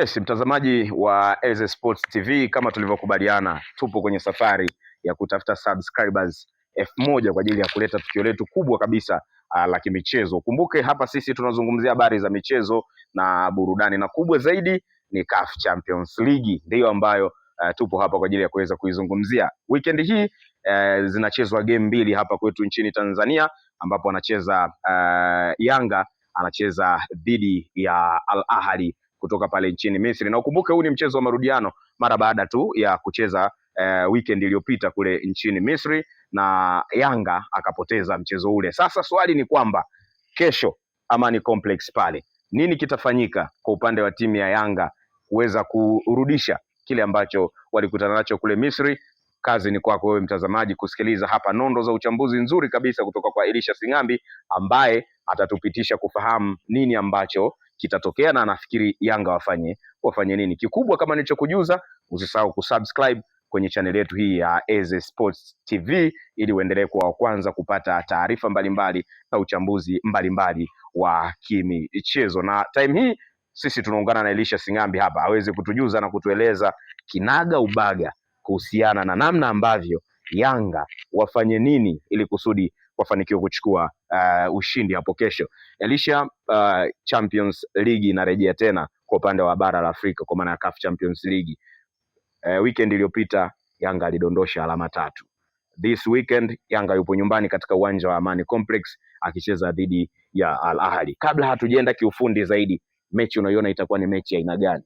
Yes, mtazamaji wa Eze Sports TV, kama tulivyokubaliana, tupo kwenye safari ya kutafuta subscribers elfu moja kwa ajili ya kuleta tukio letu kubwa kabisa uh, la kimichezo. Kumbuke hapa sisi tunazungumzia habari za michezo na burudani, na kubwa zaidi ni CAF Champions League, ndiyo ambayo uh, tupo hapa kwa ajili ya kuweza kuizungumzia. Weekend hii uh, zinachezwa game mbili hapa kwetu nchini Tanzania, ambapo anacheza uh, Yanga anacheza dhidi ya Al Ahly kutoka pale nchini Misri, na ukumbuke huu ni mchezo wa marudiano mara baada tu ya kucheza eh, weekend iliyopita kule nchini Misri na Yanga akapoteza mchezo ule. Sasa swali ni kwamba kesho Amani Complex pale nini kitafanyika kwa upande wa timu ya Yanga kuweza kurudisha kile ambacho walikutana nacho kule Misri. Kazi ni kwako wewe mtazamaji kusikiliza hapa nondo za uchambuzi nzuri kabisa kutoka kwa Elisha Singambi ambaye atatupitisha kufahamu nini ambacho kitatokea, na nafikiri Yanga wafanye wafanye nini kikubwa. Kama nilichokujuza, usisahau kusubscribe kwenye chaneli yetu hii ya Eze Sports TV ili uendelee kuwa wa kwanza kupata taarifa mbalimbali na uchambuzi mbalimbali wa kimichezo. Na time hii sisi tunaungana na Elisha Singambi hapa aweze kutujuza na kutueleza kinaga ubaga kuhusiana na namna ambavyo Yanga wafanye nini ili kusudi wafanikiwe kuchukua uh, ushindi hapo kesho. Elisha, uh, Champions League inarejea tena kwa upande wa bara la Afrika kwa maana ya CAF Champions League. Uh, weekend iliyopita Yanga alidondosha alama tatu. This weekend Yanga yupo nyumbani katika uwanja wa Amani Complex akicheza dhidi ya Al Ahli. Kabla hatujaenda kiufundi zaidi, mechi unayoona itakuwa ni mechi ya aina gani?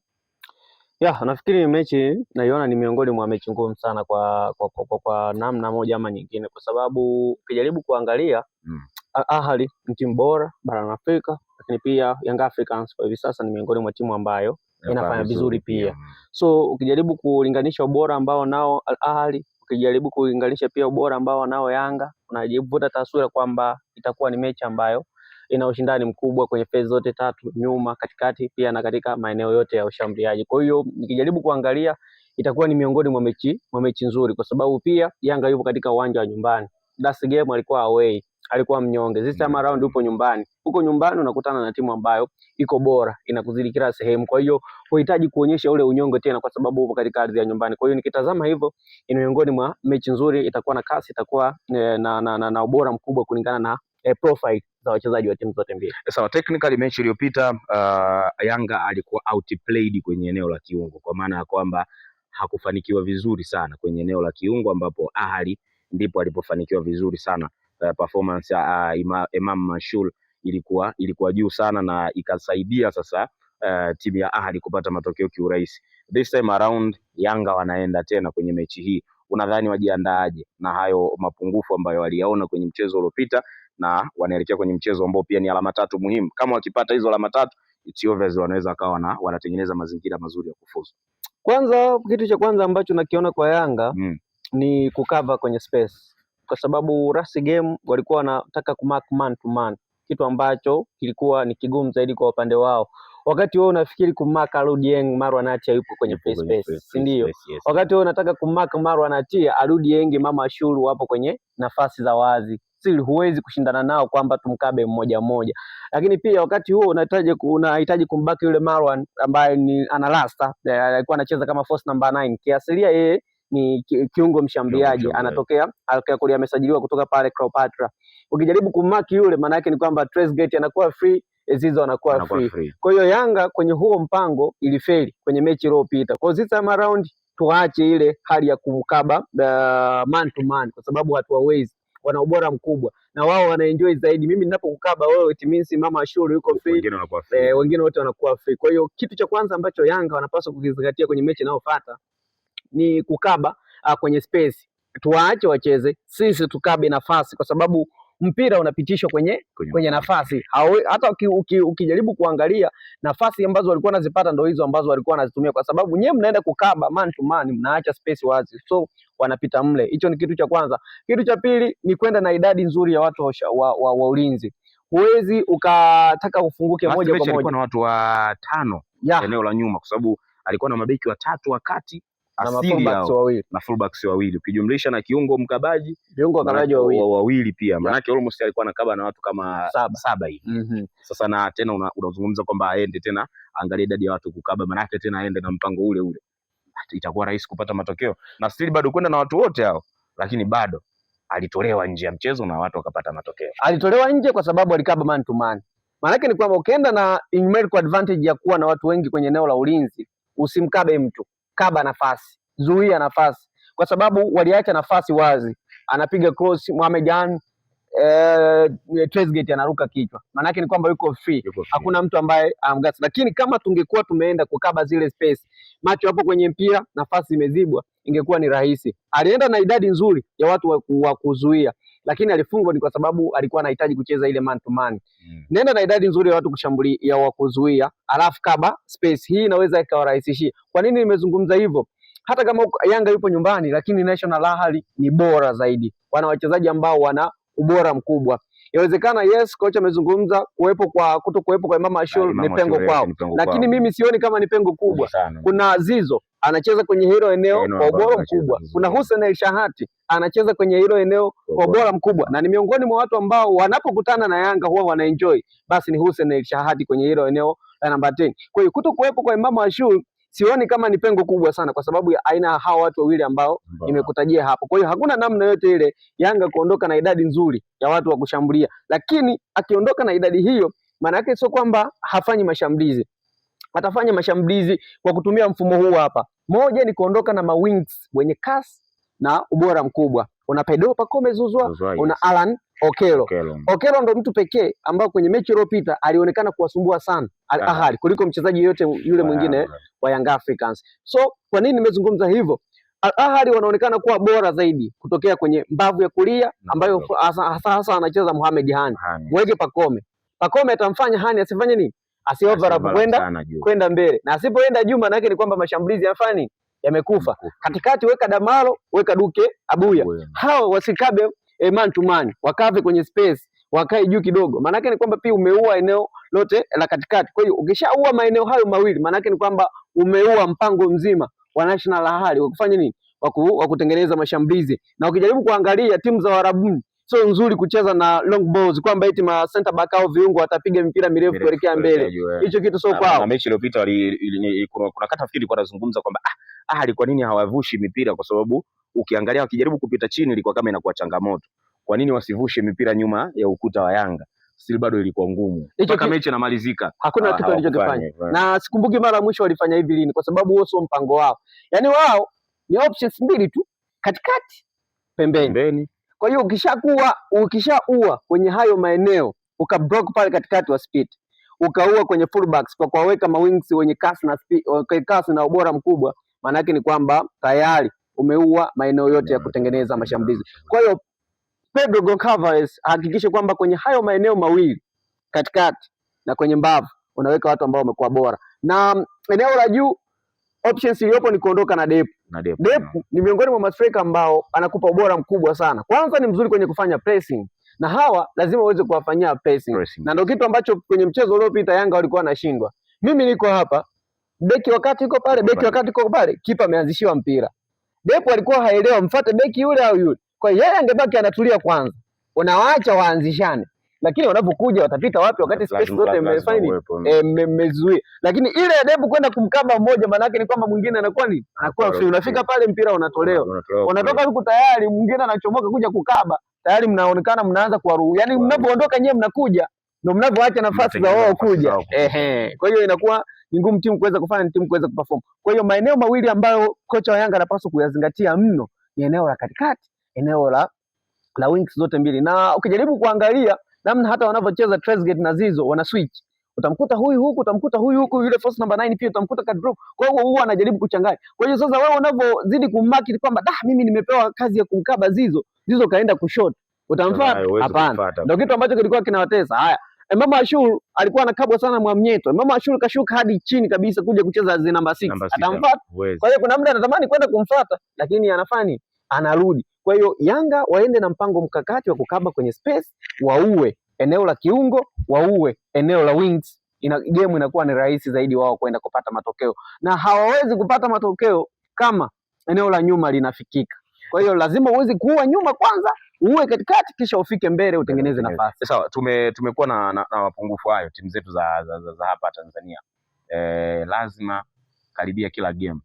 Ya, nafikiri mechi naiona ni miongoni mwa mechi ngumu sana kwa kwa, kwa, kwa, kwa namna moja ama nyingine, kwa sababu ukijaribu kuangalia mm. Ahali ni timu bora barani Afrika, lakini pia Young Africans kwa hivi sasa ni miongoni mwa timu ambayo inafanya vizuri pia yeah. So ukijaribu kulinganisha ubora ambao nao Al ukijaribu kulinganisha pia ubora ambao nao Yanga, unajivuta taswira kwamba itakuwa ni mechi ambayo ina ushindani mkubwa kwenye fezi zote tatu, nyuma, katikati pia na katika maeneo yote ya ushambuliaji. Kwa hiyo nikijaribu kuangalia, itakuwa ni miongoni mwa mechi mwa mechi nzuri, kwa sababu pia Yanga yupo katika uwanja wa nyumbani. Last game alikuwa away, alikuwa mnyonge. This time around upo nyumbani. Huko nyumbani unakutana na timu ambayo iko bora, inakuzidi kila sehemu. Kwa hiyo huhitaji kuonyesha ule unyonge tena, kwa sababu upo katika ardhi ya nyumbani. Kwa hiyo nikitazama hivyo, ni miongoni mwa mechi nzuri, itakuwa na kasi, itakuwa eh, na, na, na, na ubora mkubwa kulingana na eh, profile za wachezaji wa timu zote mbili. Eh, sawa, technically mechi iliyopita uh, Yanga alikuwa outplayed kwenye eneo la kiungo kwa maana ya kwamba hakufanikiwa vizuri sana kwenye eneo la kiungo ambapo Ahali ndipo alipofanikiwa vizuri sana. Uh, performance ya uh, Imam, Mashul ilikuwa ilikuwa juu sana na ikasaidia sasa uh, timu ya Ahali kupata matokeo kiurahisi. This time around Yanga wanaenda tena kwenye mechi hii, unadhani wajiandaaje na hayo mapungufu ambayo waliyaona kwenye mchezo uliopita na wanaelekea kwenye mchezo ambao pia ni alama tatu muhimu. Kama wakipata hizo alama tatu, it's obvious wanaweza wakawa na wanatengeneza mazingira mazuri ya kufuzu. Kwanza, kitu cha kwanza ambacho nakiona kwa Yanga mm. ni kukava kwenye space, kwa sababu rasi game walikuwa wanataka kumark man to man, kitu ambacho kilikuwa ni kigumu zaidi kwa upande wao wakati wewe unafikiri kumaka Rudieng, Marwa Natia yupo kwenye free space, si ndio? Wakati wewe unataka kumaka Marwa Natia, Rudieng, Mama Ashuru hapo kwenye nafasi za wazi huwezi kushindana nao kwamba tumkabe mmoja mmoja, lakini pia wakati huo unahitaji unahitaji kumbaki yule Marwan ambaye ni ana rasta, e, alikuwa anacheza kama force number 9 kiasilia, yeye ni kiungo mshambuliaji anatokea amesajiliwa kutoka pale Cleopatra. Ukijaribu kumaki yule, maana yake ni kwamba Trezeguet anakuwa free Zizo anakuwa free. free. Kwa hiyo Yanga kwenye huo mpango ilifeli kwenye mechi iliyopita. Kwa hiyo this round tuache ile hali ya kumkaba uh, man to man kwa sababu hatuwawezi, wana ubora mkubwa na wao wanaenjoy zaidi. Mimi ninapokukaba wewe, it means mama Ashuru yuko free, wengine wanakuwa free, eh, wengine wote wanakuwa free. Kwa hiyo kitu cha kwanza ambacho Yanga wanapaswa kukizingatia kwenye mechi inayofuata ni kukaba uh, kwenye space. Tuwaache wacheze, sisi tukabe nafasi kwa sababu mpira unapitishwa kwenye, kwenye nafasi. Hata ukijaribu kuangalia nafasi ambazo walikuwa wanazipata ndio hizo ambazo walikuwa wanazitumia, kwa sababu nyewe mnaenda kukaba man to man, mnaacha space wazi, so wanapita mle. Hicho ni kitu cha kwanza. Kitu cha pili ni kwenda na idadi nzuri ya watu wa, wa, wa, wa ulinzi. Huwezi ukataka ufunguke moja kwa moja. na watu watano eneo la nyuma, kwa sababu alikuwa na mabeki watatu wakati na fullbacks wawili ukijumlisha na kiungo mkabaji viungo kabaji wawili wawili pia maanake yeah. Almost alikuwa anakaba na watu kama saba, saba hivi mm -hmm. Sasa na tena unazungumza una kwamba aende tena angalie idadi ya watu kukaba, maanake tena aende na mpango ule ule, itakuwa rahisi kupata matokeo na stili bado kwenda na watu wote hao, lakini bado alitolewa nje ya mchezo na watu wakapata matokeo. Alitolewa nje kwa sababu alikaba man to man. Maanake ni kwamba ukienda na numerical advantage ya kuwa na watu wengi kwenye eneo la ulinzi, usimkabe mtu kaba nafasi, zuia nafasi, kwa sababu waliacha nafasi wazi. Anapiga cross Mohamed Jan eh, Trezeguet anaruka kichwa, maana yake ni kwamba yuko free, yuko hakuna mtu ambaye amgasa. Lakini kama tungekuwa tumeenda kukaba zile space, macho hapo kwenye mpira, nafasi imezibwa, ingekuwa ni rahisi. Alienda na idadi nzuri ya watu wa kuzuia lakini alifungwa ni kwa sababu alikuwa anahitaji kucheza ile man to man. Mm. Nenda na idadi nzuri ya watu kushambulia ya wakuzuia, alafu kaba space hii inaweza ikawarahisishia. Kwa nini nimezungumza hivyo? Hata kama Yanga yupo nyumbani, lakini National Ahli ni bora zaidi, wana wachezaji ambao wana ubora mkubwa. Yawezekana yes, kocha amezungumza kuwepo kwa kuto kuwepo kwa Imam Ashur ni pengo kwao, lakini mimi sioni kama ni pengo kubwa. Kuna Zizo anacheza kwenye hilo eneo kwa ubora mkubwa. Kuna Hussein El Shahati anacheza kwenye hilo eneo kwa ubora mkubwa, na ni miongoni mwa watu ambao wanapokutana na Yanga huwa wanaenjoy, basi ni Hussein El Shahati kwenye hilo eneo la namba 10. Kwa hiyo kuto kuwepo kwa Imam Ashur sioni kama ni pengo kubwa sana kwa sababu ya aina ya hawa watu wawili ambao nimekutajia hapo. Kwa hiyo hakuna namna yote ile Yanga kuondoka na idadi nzuri ya watu wa kushambulia, lakini akiondoka na idadi hiyo, maana yake sio kwamba hafanyi mashambulizi, atafanya mashambulizi kwa kutumia mfumo huu hapa. Moja ni kuondoka na mawings wenye kasi na ubora mkubwa. Una Pedro Pacome Zuzwa, una Alan Okelo. Okelo, Okelo ndo mtu pekee ambao kwenye mechi iliyopita alionekana kuwasumbua sana Al Ahly kuliko mchezaji yote yule mwingine wa Young Africans. So kwa nini nimezungumza hivyo? Al Ahly wanaonekana kuwa bora zaidi kutokea kwenye mbavu ya kulia ambayo hasa hasa anacheza Mohamed Hani. Mweke Pacome. Pacome atamfanya Hani asifanye nini? asiova up kwenda kwenda mbele, na asipoenda juu, maana yake ni kwamba mashambulizi ya yamekufa. Katikati weka Damalo, weka Duke Abuya, hao wasikabe e, man to man, wakave kwenye space, wakae juu kidogo. Maana yake ni kwamba pia umeua eneo lote la katikati. Kwa hiyo ukishaua maeneo hayo mawili, maana yake ni kwamba umeua mpango mzima wa National Ahali wa kufanya nini, wa kutengeneza mashambulizi. Na ukijaribu kuangalia timu za Warabuni sio nzuri kucheza na long balls, kwamba eti ma center back au viungo watapiga mpira mirefu kuelekea mbele. Hicho kitu sio kwao. Na mechi iliyopita kuna kuna kata fikiri kwa anazungumza kwamba ah, ah, kwa nini hawavushi mipira? Kwa sababu ukiangalia wakijaribu kupita chini ilikuwa kama inakuwa changamoto. Kwa nini wasivushe mipira nyuma ya ukuta wa Yanga? Still bado ilikuwa ngumu mpaka mechi inamalizika, hakuna ah, kitu walichokifanya, na sikumbuki mara mwisho walifanya hivi lini, kwa sababu wao sio mpango wao. Yani wao ni options mbili tu, katikati, pembeni, pembeni. Kwa hiyo ukishakuwa ukishaua kwenye hayo maeneo block pale katikati wa speed ukaua kwenye fullbacks kwa kuwaweka mawings wenye kasi na speed, kasi na ubora mkubwa, maana yake ni kwamba tayari umeua maeneo yote ya kutengeneza mashambulizi. Kwa hiyo Pedro Goncalves hakikishe kwamba kwenye hayo maeneo mawili katikati na kwenye mbavu unaweka watu ambao wamekuwa bora, na mm, eneo la juu options iliyopo ni kuondoka na Depu. Na Depu, Depu ni miongoni mwa mastreka ambao anakupa ubora mkubwa sana. Kwanza ni mzuri kwenye kufanya pressing na hawa lazima uweze kuwafanyia pressing, pressing. Na ndio kitu ambacho kwenye mchezo uliopita Yanga walikuwa wanashindwa. Mimi niko hapa, beki wakati iko pale, beki wakati iko pale, kipa ameanzishiwa mpira. Depu alikuwa haelewa mfate beki yule au yule, kwa hiyo yeye angebaki anatulia kwanza, unawaacha waanzishane lakini wanapokuja watapita wapi wakati space zote eh, mmezuia? Lakini ile adebu kwenda kumkaba mmoja, maana yake ni kwamba mwingine anakuwa ni anakuwa free, unafika pale mpira unatolewa, unatoka huko tayari, mwingine anachomoka kuja kukaba tayari, mnaonekana mnaanza kuwaruhusu, yani mnapoondoka nyewe mnakuja ndio mnavyoacha nafasi za wao kuja. Ehe, kwa hiyo inakuwa ni ngumu timu kuweza kufanya timu kuweza kuperform. Kwa hiyo maeneo mawili ambayo kocha wa Yanga anapaswa kuyazingatia mno ni eneo la katikati, eneo la la wings zote mbili, na ukijaribu kuangalia namna hata wanavyocheza Trezeguet na Zizo wana switch, utamkuta huyu huku, utamkuta huyu huku, yule force number 9 pia utamkuta drop. Kwa hiyo huwa anajaribu kuchanganya. Kwa hiyo sasa wewe unavyozidi kumaki kwamba da, mimi nimepewa kazi ya kumkaba Zizo, Zizo kaenda kushoto, utamfuata hapana? Ndio kitu ambacho kilikuwa kinawatesa. Haya, Mama Ashur alikuwa anakabwa sana Mwamnyeto. Mama Ashur kashuka hadi chini kabisa kuja kucheza namba 6, atamfuata. Kwa hiyo kuna muda anatamani kwenda kumfuata, lakini anafani anarudi kwa hiyo Yanga waende na mpango mkakati wa kukaba kwenye space, waue eneo la kiungo, waue eneo la wings, ina game inakuwa ni rahisi zaidi wao kwenda kupata matokeo, na hawawezi kupata matokeo kama eneo la nyuma linafikika. Kwa hiyo lazima uweze kuua nyuma kwanza, uwe katikati, kisha ufike mbele, utengeneze nafasi. Sawa, tume tumekuwa na, na, na mapungufu hayo timu zetu za, za, za, za hapa Tanzania. E, lazima karibia kila game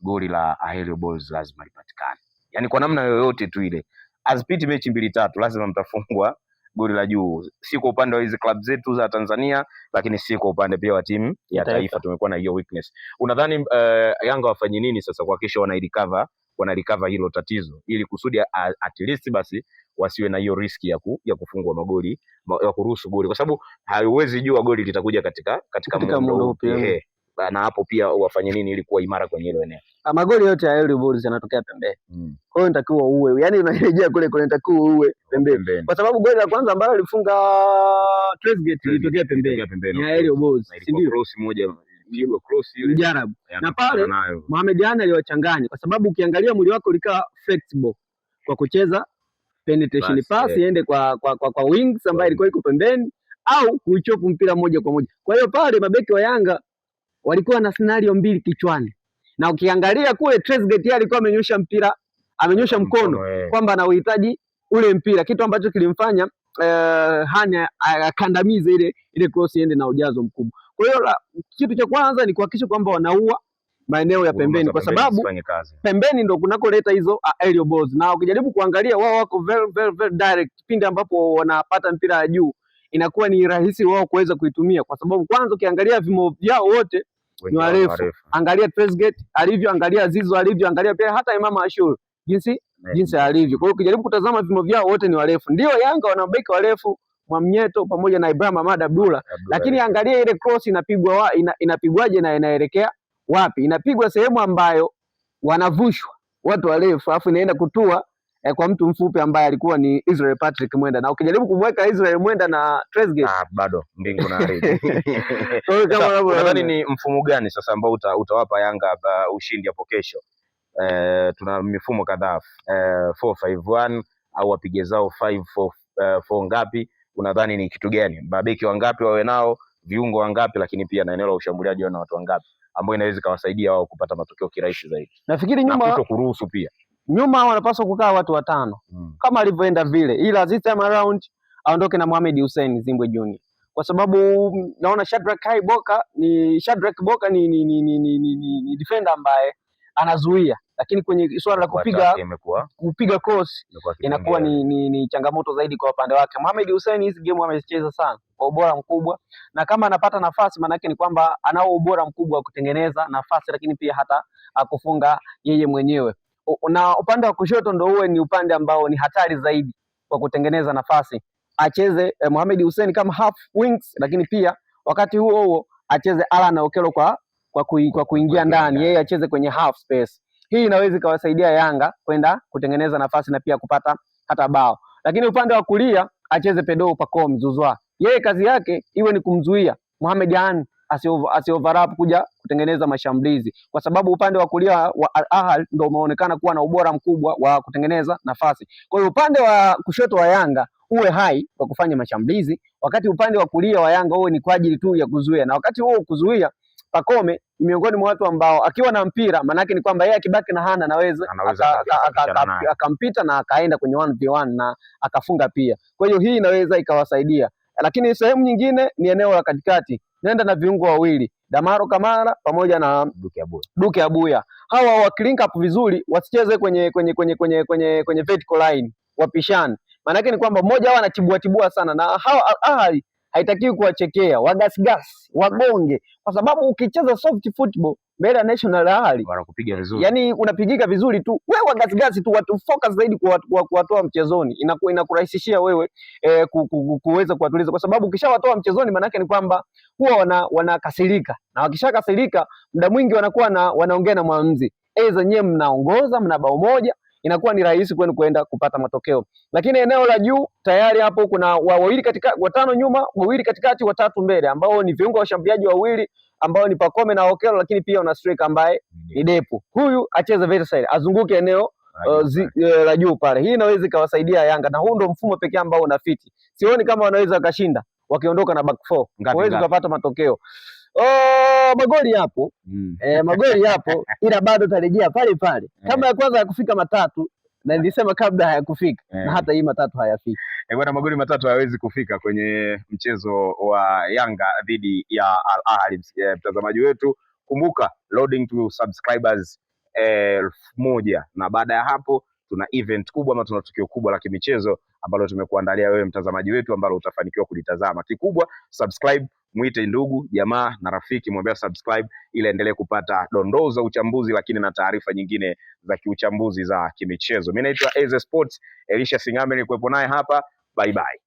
goli la Aerial Boys lazima lipatikane yani kwa namna yoyote tu ile, azipiti mechi mbili tatu, lazima mtafungwa goli la juu, si kwa upande wa hizi klabu zetu za Tanzania, lakini si kwa upande pia wa timu ya taifa. Tumekuwa na hiyo weakness. Unadhani uh, Yanga wafanye nini sasa kuhakikisha wana recover wana recover hilo tatizo, ili kusudi at least basi wasiwe na hiyo riski ya, ku, ya kufungwa magoli ya kuruhusu goli, kwa sababu haiwezi jua goli litakuja katika katika, katika mundo upi, eh, na hapo pia wafanye nini ili kuwa imara kwenye hilo eneo. Ah, magoli yote ya early balls yanatokea pembeni. Mm. Kwa hiyo nitakiwa uwe. Yaani unarejea kule kule nitakiwa uwe pembeni. Pembe. Kwa sababu goli la kwanza ambalo alifunga Trezeguet ilitokea pembeni. Ya early si Ndio cross moja ndio cross ile. Mjarabu. Na pale Mohamed Jana aliwachanganya kwa sababu ukiangalia mwili wako ulikaa flexible kwa kucheza penetration pass eh. iende kwa kwa kwa, kwa wings ambayo ilikuwa iko pembeni au kuichopu mpira moja kwa moja. Kwa hiyo pale mabeki wa Yanga walikuwa na scenario mbili kichwani na ukiangalia kule Trezeguet alikuwa amenyosha mpira, amenyosha mkono eh. kwamba anauhitaji ule mpira, kitu ambacho kilimfanya uh, eh, Hanya akandamize ile ile cross iende na ujazo mkubwa. Kwa hiyo kitu cha kwanza ni kuhakikisha kwamba wanaua maeneo ya pembeni kwa sababu pembeni ndo kunakoleta hizo ah, aerial balls, na ukijaribu kuangalia wao wako very, very, very direct. Pindi ambapo wanapata mpira ya juu inakuwa ni rahisi wao kuweza kuitumia, kwa sababu kwanza ukiangalia vimo vyao wote ni warefu. Angalia Trezeguet alivyo, angalia zizo alivyo, angalia pia hata Imam Ashur jinsi jinsi alivyo. Kwa hiyo ukijaribu kutazama vimo vyao wote ni warefu. Ndio Yanga wana beki warefu Mwamnyeto pamoja na Ibrahim Ahmad Abdullah, lakini angalia ile cross inapigwa ina, inapigwaje na inaelekea wapi? Inapigwa sehemu ambayo wanavushwa watu warefu, afu inaenda kutua eh, kwa mtu mfupi ambaye alikuwa ni Israel Patrick Mwenda, na ukijaribu kumweka Israel Mwenda na Trezeguet ah, bado mbingu na ardhi. Kama Nadhani ni mfumo gani sasa ambao uta, utawapa Yanga uh, ushindi hapo kesho? Uh, tuna mifumo kadhaa eh, 451 au wapige zao 544 eh, ngapi? Unadhani ni kitu gani, mabeki wangapi wawe nao, viungo wangapi, lakini pia na eneo la ushambuliaji wana watu wangapi ambao inaweza ikawasaidia wao kupata matokeo kirahisi zaidi. Nafikiri nyuma na kuruhusu pia nyuma wanapaswa kukaa watu watano mm. kama alivyoenda vile, ila this time around aondoke na Mohamed Hussein Zimbwe Junior kwa sababu mm, naona Shadrack Kai Boka ni Shadrack Boka ni, ni, ni, ni, ni, ni, ni ni defender ambaye anazuia, lakini kwenye swala la kupiga kupiga cross inakuwa ni, ni, ni changamoto zaidi kwa upande wake. Mohamed Hussein hizi game amecheza sana kwa ubora mkubwa, na kama anapata nafasi maana yake ni kwamba anao ubora mkubwa wa kutengeneza nafasi, lakini pia hata akufunga yeye mwenyewe na upande wa kushoto ndo uwe ni upande ambao ni hatari zaidi kwa kutengeneza nafasi. Acheze eh, Mohamed Hussein kama half wings, lakini pia wakati huo huo acheze Alan Okelo kwa kwa, kui, kwa kuingia ndani, yeye acheze kwenye half space. Hii inaweza ikawasaidia Yanga kwenda kutengeneza nafasi na pia kupata hata bao. Lakini upande wa kulia acheze Pedro Pacome yeye kazi yake iwe ni kumzuia Mohamed Yan asiovarap kuja kutengeneza mashambulizi, kwa sababu upande wa kulia wa Al Ahly ndio umeonekana kuwa na ubora mkubwa wa kutengeneza nafasi. Kwa hiyo upande wa kushoto wa Yanga uwe hai kwa kufanya mashambulizi, wakati upande wa kulia wa Yanga uwe ni kwa ajili tu ya kuzuia, na wakati huo kuzuia Pakome miongoni mwa watu ambao akiwa na mpira maanake ni kwamba yeye akibaki na hana anaweza akampita na akaenda kwenye 1v1 na akafunga pia. Kwa hiyo hii inaweza ikawasaidia lakini sehemu nyingine ni eneo la katikati, nenda na viungo wawili Damaro Kamara pamoja na Duke Abuya. Duke Abuya. Hawa clean up vizuri wasicheze kwenye kwenye kwenye kwenye kwenye kwenye vertical line wapishane. Maana yake ni kwamba mmoja wao anatibua tibua sana na hawa Ahly ah, haitakiwi kuwachekea, wagasgas, wagonge kwa sababu ukicheza soft football mbele ya national hali wanakupiga vizuri, yani unapigika vizuri tu wewe, gazigazi tu, watu focus zaidi kwa kuwatoa mchezoni, inakuwa inakurahisishia wewe eh, ku, kuweza kuwatuliza, kwa sababu ukishawatoa mchezoni, maanake ni kwamba huwa wana wanakasirika, na wakishakasirika muda mwingi wanakuwa na wanaongea na mwamuzi, ewe eh, zenyewe mnaongoza, mna bao moja inakuwa ni rahisi kwenu kwenda kupata matokeo. Lakini eneo la juu tayari hapo kuna wawili katika watano nyuma, wawili katikati, watatu mbele ambao ni viungo washambuliaji wawili ambao ni Pacome na Okelo, lakini pia una striker ambaye mm. ni Depo. Huyu acheze side, azunguke eneo Uh, eh, la juu pale. Hii inaweza ikawasaidia Yanga na huu ndo mfumo pekee ambao unafiti. Sioni kama wanaweza wakashinda wakiondoka na back four, Waweza kupata matokeo oh! magoli yapo mm. E, magoli yapo ila bado tarejea pale pale eh. kama ya kwanza yakufika matatu na nilisema kabla hayakufika yeah. Na hata hii matatu hayafiki eh, bwana, magoli matatu hayawezi kufika kwenye mchezo wa Yanga dhidi ya Al Ahly. Mtazamaji wetu, kumbuka loading to subscribers elfu moja na baada ya hapo tuna event kubwa ama tuna tukio kubwa la kimichezo ambalo tumekuandalia wewe mtazamaji wetu ambalo utafanikiwa kulitazama. Kikubwa subscribe mwite ndugu jamaa na rafiki, mwambie subscribe ili aendelee kupata dondoo za uchambuzi, lakini na taarifa nyingine za kiuchambuzi za kimichezo. Mimi naitwa Eze Sports, Elisha Singame nilikuwepo naye hapa. Bye bye.